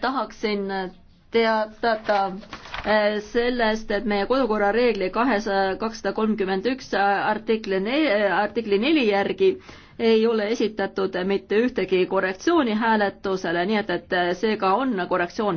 tahaksin teatada eh, sellest, et meie kodukorra reegli kahesaja, kakssada kolmkümmend üks artikli, artikli neli järgi ei ole esitatud mitte ühtegi korrektsiooni hääletusele, nii et, et seega on korrektsioon